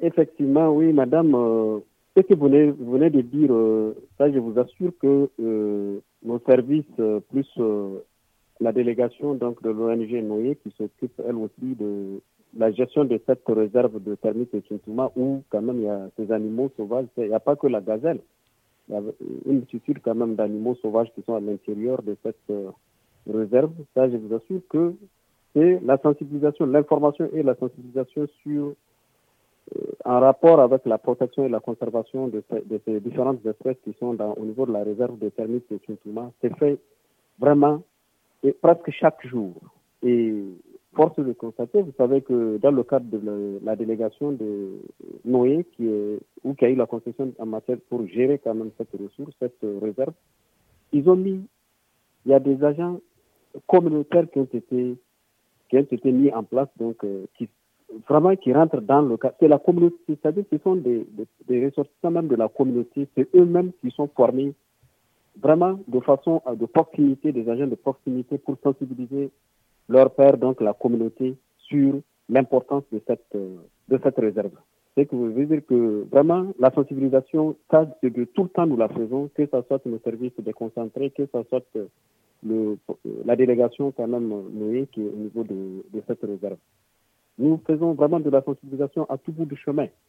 Effectivement, oui, madame. Euh, ce que vous venez, de dire, euh, ça, je vous assure que euh, nos services, euh, plus la délégation donc, de l'ONG Noé, qui s'occupe elle aussi de la gestion de cette réserve de termites et où quand même il y a ces animaux sauvages, il n'y a pas que la gazelle. Il y a une multitude quand même d'animaux sauvages qui sont à l'intérieur de cette réserve. Ça, je vous assure que c'est la sensibilisation, l'information et la sensibilisation sur euh, en rapport avec la protection et la conservation de, ces, différentes espèces qui sont au niveau de la réserve de termites de c'est fait vraiment presque chaque jour. Et force de constater, vous savez que dans le cadre de la délégation de Noé, qui a eu la concession en matière pour gérer quand même cette ressource, cette réserve, ils ont mis, il y a des agents communautaires qui ont été, qui ont mis en place, donc, euh, qui vraiment qui rentrent dans le cas. C'est la communauté, c'est-à-dire que ce sont des, des, ressortissants même de la communauté, c'est eux-mêmes qui sont formés vraiment de façon de proximité, des agents de proximité pour sensibiliser leur père, donc la communauté, sur l'importance de cette, réserve. C'est que vous voulez dire que vraiment la sensibilisation, ça, c'est de tout le temps nous la faisons, que ce soit nos services déconcentrés, que ce soit la délégation quand même euh, au niveau de cette réserve. Nous faisons vraiment de la sensibilisation à tout bout du chemin.